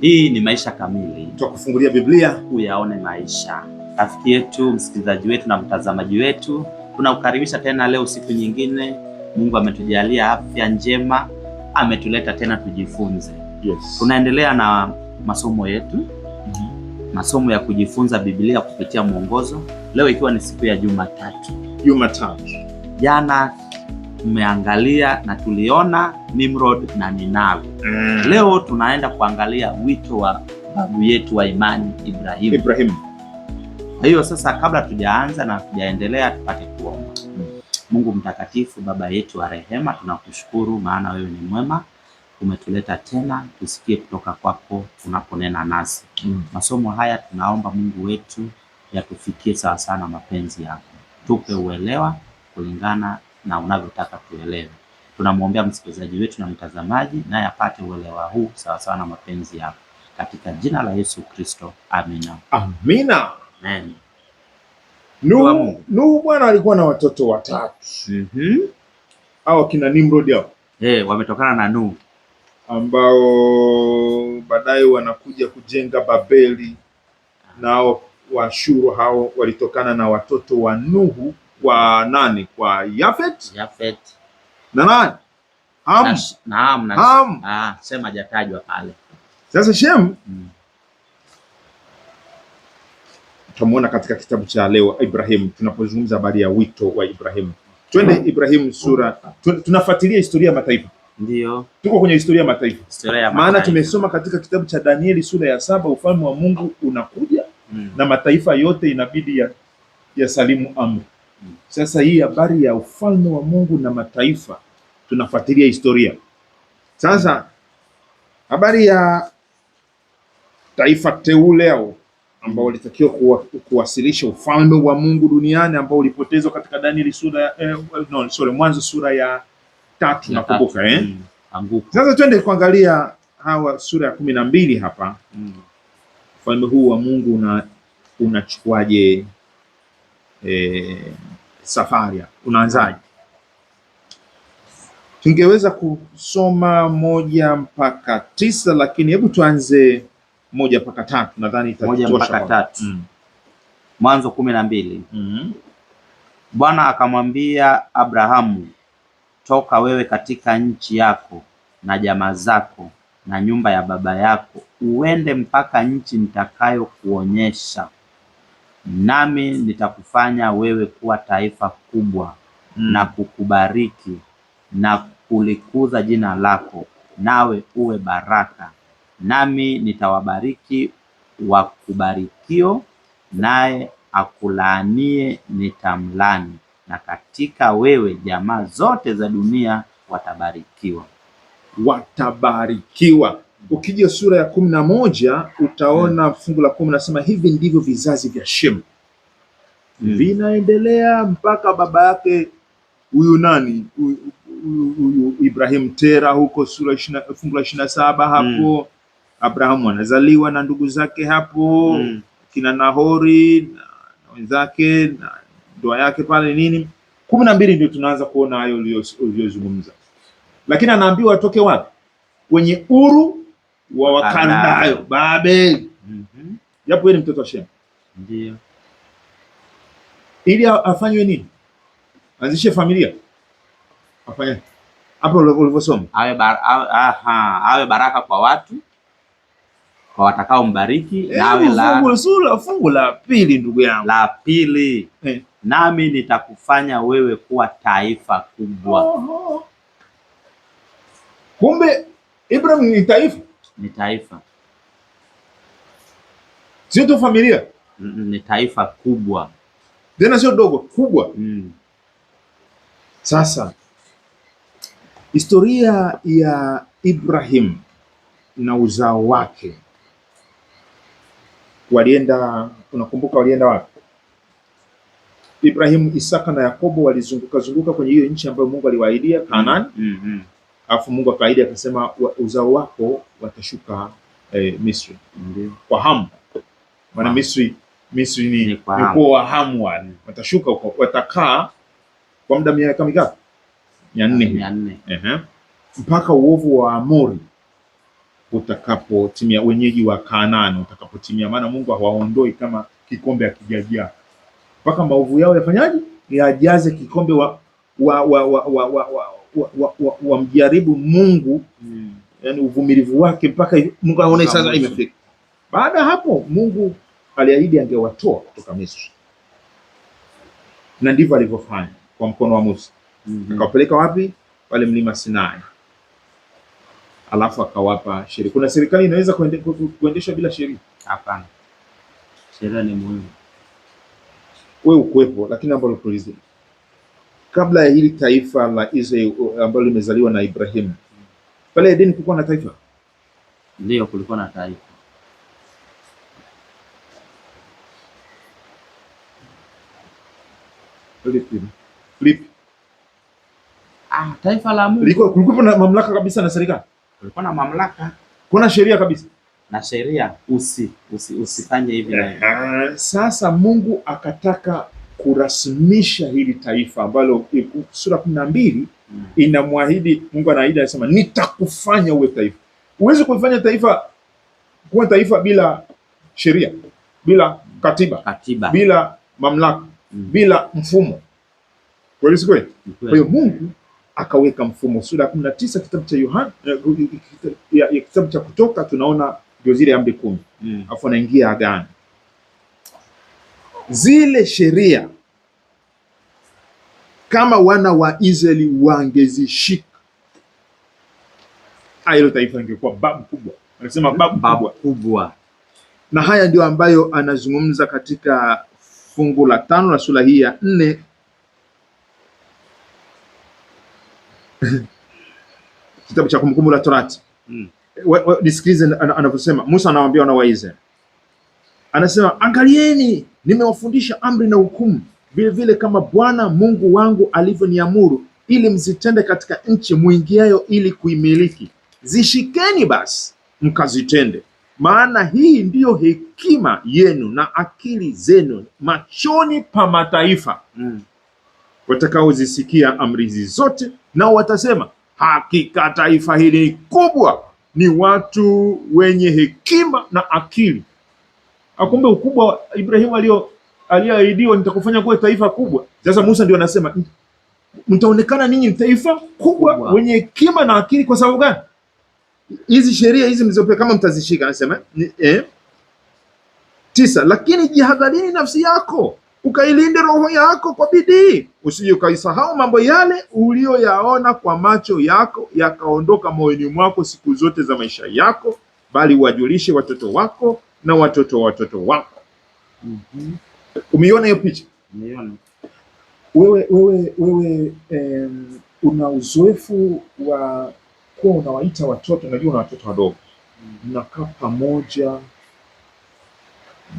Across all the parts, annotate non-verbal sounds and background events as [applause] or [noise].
Hii ni Maisha Kamili, tukufungulia Biblia uyaone maisha. Rafiki yetu, msikilizaji wetu na mtazamaji wetu, tunakukaribisha tena leo, siku nyingine. Mungu ametujalia afya njema, ametuleta tena tujifunze. Yes. Tunaendelea na masomo yetu mm -hmm. masomo ya kujifunza Biblia kupitia mwongozo, leo ikiwa ni siku ya Jumatatu. Jumatatu jana tumeangalia na tuliona Nimrod na Ninawi. Mm. Leo tunaenda kuangalia wito wa babu yetu wa imani Ibrahimu. Ibrahimu. Kwa hiyo sasa, kabla tujaanza na tujaendelea, tupate kuomba. Mm. Mungu mtakatifu, baba yetu wa rehema, tunakushukuru maana wewe ni mwema, umetuleta tena tusikie kutoka kwako unaponena nasi. Mm. Masomo haya tunaomba Mungu wetu yatufikie sawa sana mapenzi yako, tupe uelewa kulingana na unavyotaka kuelewa. Tunamwombea msikilizaji wetu na mtazamaji, naye apate uelewa huu sawasawa na mapenzi yako, katika jina la Yesu Kristo, amina. Amina. Amen. Nuhu, Nuhu bwana alikuwa na watoto watatu. mm -hmm. Hao kina Nimrod hao eh, wametokana na Nuhu ambao baadaye wanakuja kujenga Babeli, nao washuru hao walitokana na watoto wa Nuhu kwa nani? Kwa Yafet, Yafet. na nani? Ham. Naam, na Ham. Ah, sema hajatajwa pale. Sasa Shem mm. Tutamwona katika kitabu cha leo Ibrahim, tunapozungumza habari ya wito wa Ibrahim. Twende Ibrahim sura, tunafuatilia historia ya mataifa. Ndio. Tuko kwenye historia ya mataifa. Historia ya mataifa. Maana tumesoma katika kitabu cha Danieli sura ya saba ufalme wa Mungu unakuja mm. na mataifa yote inabidi ya, ya salimu amri. Sasa hii habari ya ufalme wa Mungu na mataifa tunafuatilia historia. Sasa habari ya taifa teule au ambao walitakiwa kuwa, kuwasilisha ufalme wa Mungu duniani ambao ulipotezwa katika Danieli sura eh, no, sorry, Mwanzo sura ya tatu nakumbuka eh? Mm, sasa twende kuangalia hawa sura ya kumi na mbili hapa mm. Ufalme huu wa Mungu unachukuaje una eh, safari yako, unaanzaje? Hmm. Tungeweza kusoma moja mpaka tisa, lakini hebu tuanze moja mpaka tatu, nadhani itatosha. Moja mpaka tatu. Hmm. Mwanzo kumi na mbili. Mm. Bwana akamwambia Abrahamu, toka wewe katika nchi yako na jamaa zako na nyumba ya baba yako, uende mpaka nchi nitakayokuonyesha nami nitakufanya wewe kuwa taifa kubwa mm. na kukubariki na kulikuza jina lako, nawe uwe baraka, nami nitawabariki wakubarikio, naye akulaanie nitamlani, na katika wewe jamaa zote za dunia watabarikiwa, watabarikiwa. Ukija sura ya kumi na moja utaona hmm. fungu la kumi nasema hivi ndivyo vizazi vya Shemu mm. vinaendelea mpaka baba yake huyu nani huyu Ibrahim Tera huko sura fungu la ishirini na saba hapo mm. Abrahamu anazaliwa na ndugu zake hapo mm. kina Nahori na, na wenzake na ndoa yake pale nini kumi na mbili ndio tunaanza kuona hayo uliyozungumza, lakini anaambiwa atoke wapi? Kwenye Uru wa Wakandayo, Babeli, japo mhm. yeye ni mtoto wa Ndio ili afanywe nini? Anzishe familia, afanye hapo ulivyosoma, awe aha, awe baraka kwa watu kwa watakao mbariki. Nawe eh, fungu la pili, ndugu yangu, la pili eh, nami nitakufanya wewe kuwa taifa kubwa. Kumbe Ibrahim ni taifa ni taifa, sio tu familia. Mm, ni taifa kubwa tena, sio dogo, kubwa mm. Sasa historia ya Ibrahim na uzao wake walienda, unakumbuka walienda wapi? Ibrahimu, Isaka na Yakobo walizunguka zunguka kwenye hiyo nchi ambayo Mungu aliwaahidia Kanaani. mm -hmm. Alafu Mungu akaahidi akasema, uzao wako watashuka eh, Misri ndio kwa hamu, maana Misri Misri ni mkoa wa hamu wale. Watashuka huko, watakaa kwa muda miaka mingapi? mia nne mpaka uovu wa Amori utakapotimia, wenyeji wa Kanaani utakapotimia, maana Mungu hawaondoi kama kikombe akijajia mpaka maovu yao yafanyaje? Yajaze kikombe wa, wa, wa, wa, wa, wa, wa wa, wa, wa mjaribu Mungu mm. Yani uvumilivu wake mpaka Mungu aone sasa imefika. Baada ya hapo Mungu aliahidi angewatoa kutoka Misri, na ndivyo alivyofanya kwa mkono wa Musa mm -hmm. Akawapeleka wapi? Pale mlima Sinai, alafu akawapa sheria. Kuna serikali inaweza kuendeshwa bila sheria? Hapana, sheria ni muhimu, wewe ukuwepo, lakini ambalo kabla ya hili taifa la Israeli uh, ambalo limezaliwa na Ibrahimu, pale Edeni kulikuwa na taifa? Ndio, kulikuwa na taifa. Lipi? Ah, taifa la Mungu. Kulikuwa kulikuwa na mamlaka kabisa na serikali. Kulikuwa na mamlaka. Kuna sheria kabisa na sheria, usi usifanye usi hivi na hivi. Eh, sasa Mungu akataka kurasmisha hili taifa ambalo sura kumi na mbili mm. inamwahidi Mungu, anaahidi anasema, nitakufanya uwe taifa. Huwezi kufanya taifa kuwa taifa bila sheria, bila katiba, katiba, bila mamlaka mm. bila mfumo, kweli si kweli? Kwa hiyo Mungu akaweka mfumo. Sura ya kumi na tisa kitabu cha Yohana ya eh, kitabu cha Kutoka tunaona ndio zile amri kumi, mm. afu anaingia agano zile sheria kama wana wa Israeli wangezishika, ah, hilo taifa lingekuwa babu kubwa, anasema babu kubwa. kubwa. Na haya ndio ambayo anazungumza katika fungu la tano na sura hii ya nne [laughs] kitabu cha Kumbukumbu la Torati. Mm. Nisikilize anavyosema Musa, anawaambia wana wa Israeli, anasema angalieni nimewafundisha amri na hukumu vilevile kama Bwana Mungu wangu alivyoniamuru, ili mzitende katika nchi mwingiayo ili kuimiliki. Zishikeni basi mkazitende, maana hii ndiyo hekima yenu na akili zenu machoni pa mataifa mm. Watakaozisikia amri hizi zote nao watasema, hakika taifa hili ni kubwa, ni watu wenye hekima na akili akumbe ah, ukubwa Ibrahimu alio aliyoahidiwa nitakufanya kuwa taifa kubwa. Sasa Musa ndio anasema mtaonekana ninyi taifa kubwa, kubwa, wenye hekima na akili. Kwa sababu gani? hizi sheria hizi mlizopewa kama mtazishika, anasema eh, tisa, lakini jihadharini nafsi yako ukailinde roho yako kwa bidii, usije ukaisahau mambo yale uliyoyaona kwa macho yako yakaondoka moyoni mwako siku zote za maisha yako, bali uwajulishe watoto wako na watoto watoto wako. mm -hmm. Umeiona hiyo picha? Umeiona. Wewe, wewe, wewe um, una uzoefu wa kuwa unawaita watoto, unajua una watoto wadogo mm-hmm. mnakaa mm. pamoja,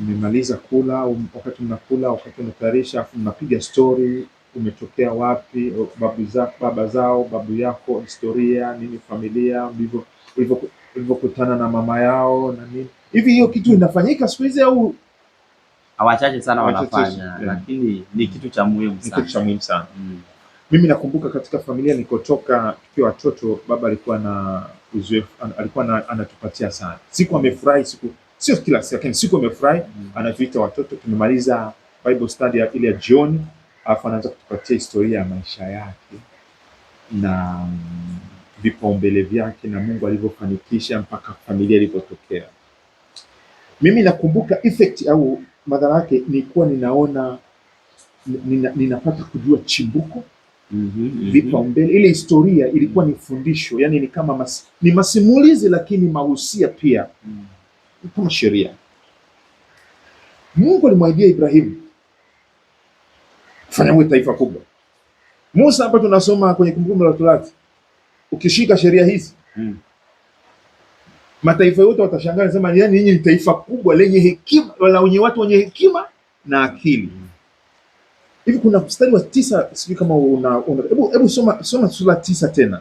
mmemaliza kula, um, wakati mnakula, wakati unatayarisha, afu mnapiga stori, umetokea wapi, babu za, baba zao, babu yako, historia nini, familia, ulivyo ulivyokutana na mama yao na nini. Hivi hiyo kitu inafanyika siku hizi au wachache sana wanafanya, lakini ni mm. kitu cha muhimu sana, kitu cha muhimu sana. Mm. Mimi nakumbuka katika familia nikotoka tukiwa watoto, baba alikuwa na uzoefu, alikuwa na, anatupatia sana. Siku amefurahi siku sio kila siku, lakini siku amefurahi mm. Anatuita watoto, tumemaliza Bible study ile ya jioni, alafu anaanza kutupatia historia ya maisha yake na vipaumbele vyake na Mungu alivyofanikisha mpaka familia ilivyotokea. Mimi nakumbuka effect au madhara yake kuwa ninaona nina, ninapata kujua chimbuko mm -hmm, vipaumbele. Ile historia ilikuwa ni fundisho, yani ni kama mas, ni masimulizi lakini mahusia pia mm. kama sheria. Mungu alimwambia Ibrahimu fanya uwe taifa kubwa. Musa hapa tunasoma kwenye Kumbukumbu la Torati ukishika sheria hizi mm. mataifa yote watashangaa, nasema yani nyinyi ni taifa kubwa lenye hekima, wala wenye watu wenye hekima na akili hmm. Hivi kuna mstari wa tisa, sijui kama una, una, hebu hebu soma soma sura tisa tena,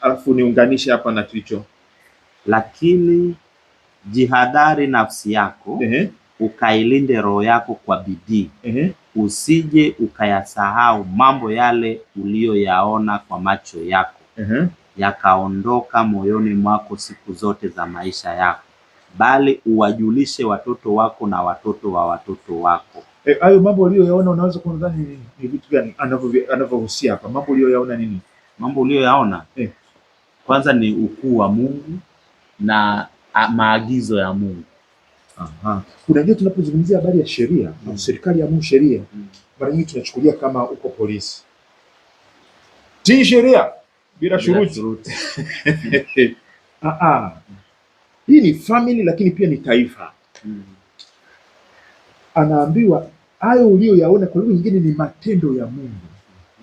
alafu niunganishe hapa na kilicho lakini jihadhari nafsi yako uh-huh. ukailinde roho yako kwa bidii uh-huh. usije ukayasahau mambo yale uliyoyaona kwa macho yako Mhm. yakaondoka moyoni mwako siku zote za maisha yako, bali uwajulishe watoto wako na watoto wa watoto wako. E, hayo mambo uliyoyaona unaweza kudhani ni vitu gani anavyohusia hapa? Mambo uliyoyaona nini? Mambo uliyoyaona e. kwanza ni ukuu wa Mungu na a, maagizo ya Mungu. Aha. Unajua tunapozungumzia habari ya sheria mm, serikali ya Mungu sheria, mm. mara mm, nyingi tunachukulia kama uko polisi, tii sheria bila shuruti. [laughs] Ah, ah. Hii ni family lakini pia ni taifa. hmm. Anaambiwa hayo uliyoyaona kwa lugha nyingine ni matendo ya Mungu.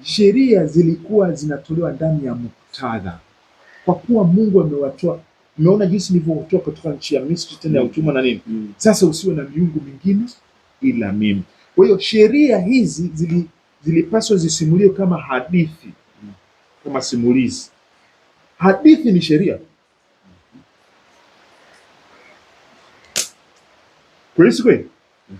Sheria zilikuwa zinatolewa ndani ya muktadha, kwa kuwa Mungu amewatoa. Umeona jinsi nilivyotoa kutoka nchi ya Misri tena ya hmm. utumwa na nini. hmm. Sasa usiwe na miungu mingine ila mimi. Kwa hiyo sheria hizi zili, zilipaswa zisimuliwe kama hadithi kama simulizi. Hadithi ni sheria.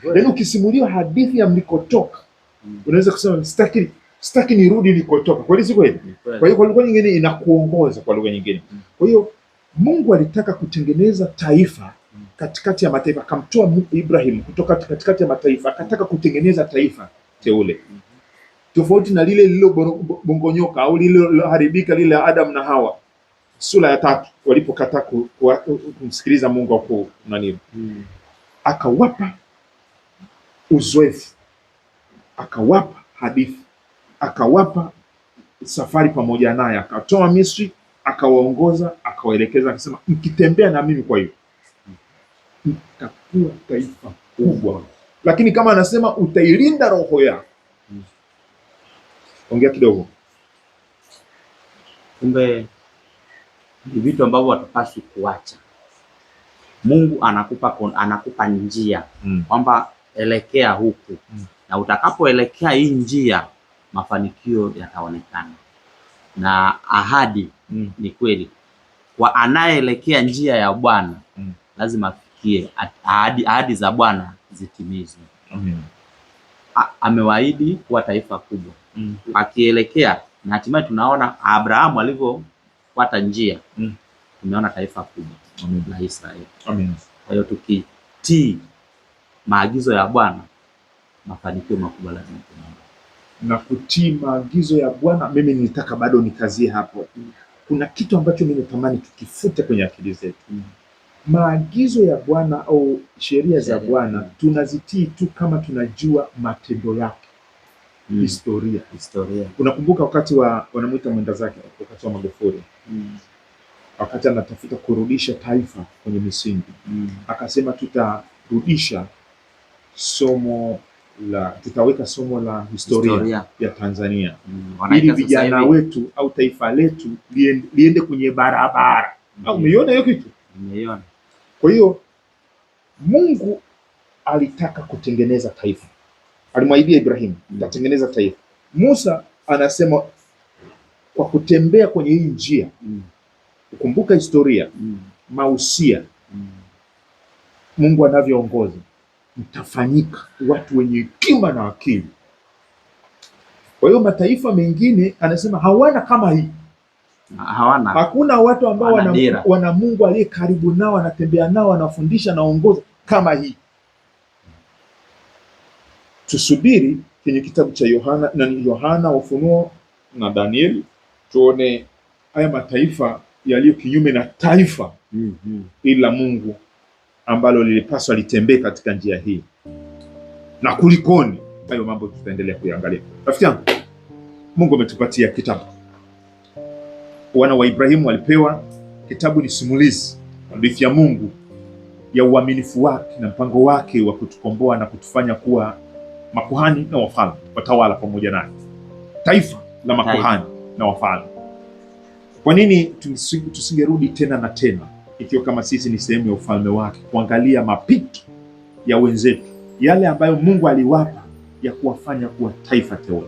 Yaani ukisimuliwa hadithi ya mlikotoka mm. unaweza kusema sitaki sitaki nirudi nilikotoka. Kweli si kweli? Kwa hiyo kwa lugha nyingine inakuongoza kwa lugha nyingine. Mm. Kwa hiyo Mungu alitaka kutengeneza taifa mm. katikati ya mataifa, akamtoa Ibrahim kutoka katikati ya mataifa, akataka kutengeneza taifa teule tofauti na lile lililobongonyoka au lililoharibika lile la Adam na Hawa sura ya tatu walipokataa kumsikiliza Mungu wa nani hmm. Akawapa uzoefu, akawapa hadithi, akawapa safari pamoja naye, akatoa Misri, akawaongoza, akawaelekeza, akasema mkitembea na mimi, kwa hiyo mtakuwa taifa kubwa, lakini kama anasema utailinda roho yako ongea kidogo. Kumbe ni vitu ambavyo hatupaswi kuacha. Mungu anakupa, anakupa njia mm. kwamba mm. elekea huku mm. na utakapoelekea hii njia mafanikio yataonekana, na ahadi mm. ni kweli kwa anayeelekea njia ya Bwana mm. lazima afikie ahadi, ahadi za Bwana zitimizwe. mm. Amewaahidi kuwa taifa kubwa mm akielekea na hatimaye tunaona Abrahamu alivyofuata njia mm. tumeona taifa kubwa la Israeli. Kwa hiyo tukitii maagizo ya Bwana mafanikio makubwa lazima tunaona. Na kutii maagizo ya Bwana, mimi nilitaka bado nikazie hapo kuna kitu ambacho mimi natamani tukifute kwenye akili zetu mm. maagizo ya Bwana au sheria za Bwana tunazitii tu kama tunajua matendo yake mm. historia historia. Unakumbuka wakati wa wanamwita mwenda zake, wakati wa Magufuli mm. wakati anatafuta kurudisha taifa kwenye misingi mm. akasema tutarudisha somo la tutaweka somo la historia, historia. ya Tanzania mm. ili vijana wetu au taifa letu liende, liende kwenye barabara mm. au umeiona hiyo kitu umeiona. Kwa hiyo Mungu alitaka kutengeneza taifa alimwahidia Ibrahimu nitatengeneza mm. taifa. Musa anasema kwa kutembea kwenye hii njia mm. ukumbuka historia mm. mausia mm. Mungu anavyoongoza mtafanyika watu wenye hekima na akili. Kwa hiyo mataifa mengine anasema hawana kama hii hawana. Hakuna watu ambao wana, wana Mungu aliye karibu nao, anatembea nao, anafundisha, anaongoza kama hii tusubiri kwenye kitabu cha Yohana na Yohana Ufunuo na Danieli, tuone haya mataifa yaliyo kinyume na taifa mm -hmm. ila Mungu ambalo lilipaswa litembee katika njia hii na kulikoni. Hayo mambo tutaendelea kuyaangalia. Rafiki yangu, Mungu ametupatia kitabu. Wana wa Ibrahimu walipewa kitabu, ni simulizi hadithi ya Mungu ya uaminifu wake na mpango wake wa kutukomboa na kutufanya kuwa makuhani na wafalme watawala pamoja naye, taifa la makuhani na wafalme. Kwa nini tusingerudi tena na tena, ikiwa kama sisi ni sehemu ya ufalme wake, kuangalia mapito ya wenzetu, yale ambayo Mungu aliwapa ya kuwafanya kuwa taifa teule,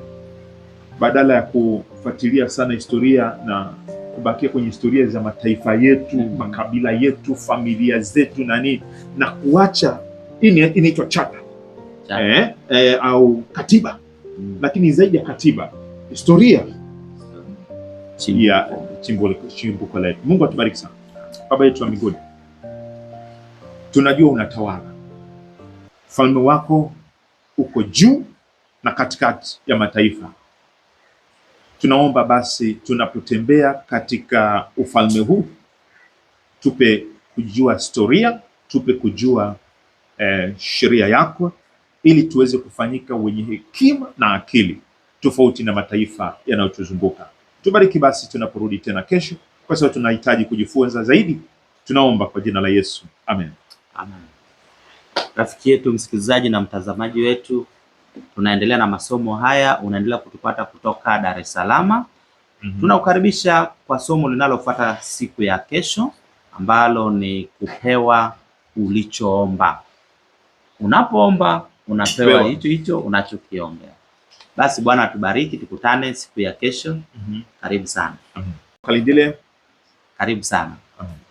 badala ya kufuatilia sana historia na kubakia kwenye historia za mataifa yetu, mm-hmm. makabila yetu, familia zetu na nini, na kuacha hii inaitwa chata eh, eh, au katiba mm. Lakini zaidi ya katiba, historia Chimbuko. letu. Mungu atubariki sana. Baba yetu wa mbinguni, tunajua unatawala, ufalme wako uko juu na katikati ya mataifa. Tunaomba basi, tunapotembea katika ufalme huu, tupe kujua historia, tupe kujua eh, sheria yako ili tuweze kufanyika wenye hekima na akili tofauti na mataifa yanayotuzunguka. Tubariki basi tunaporudi tena kesho, kwa sababu tunahitaji kujifunza zaidi. Tunaomba kwa jina la Yesu, amen. Amen. Rafiki yetu msikilizaji na mtazamaji wetu, tunaendelea na masomo haya, unaendelea kutupata kutoka Dar es Salaam. mm -hmm. Tunakukaribisha kwa somo linalofuata siku ya kesho ambalo ni kupewa ulichoomba. Unapoomba unapewa hicho hicho unachokiongea. Basi Bwana atubariki, tukutane siku ya kesho. mm -hmm. Karibu sana. mm -hmm. Kalindile, karibu sana. mm -hmm.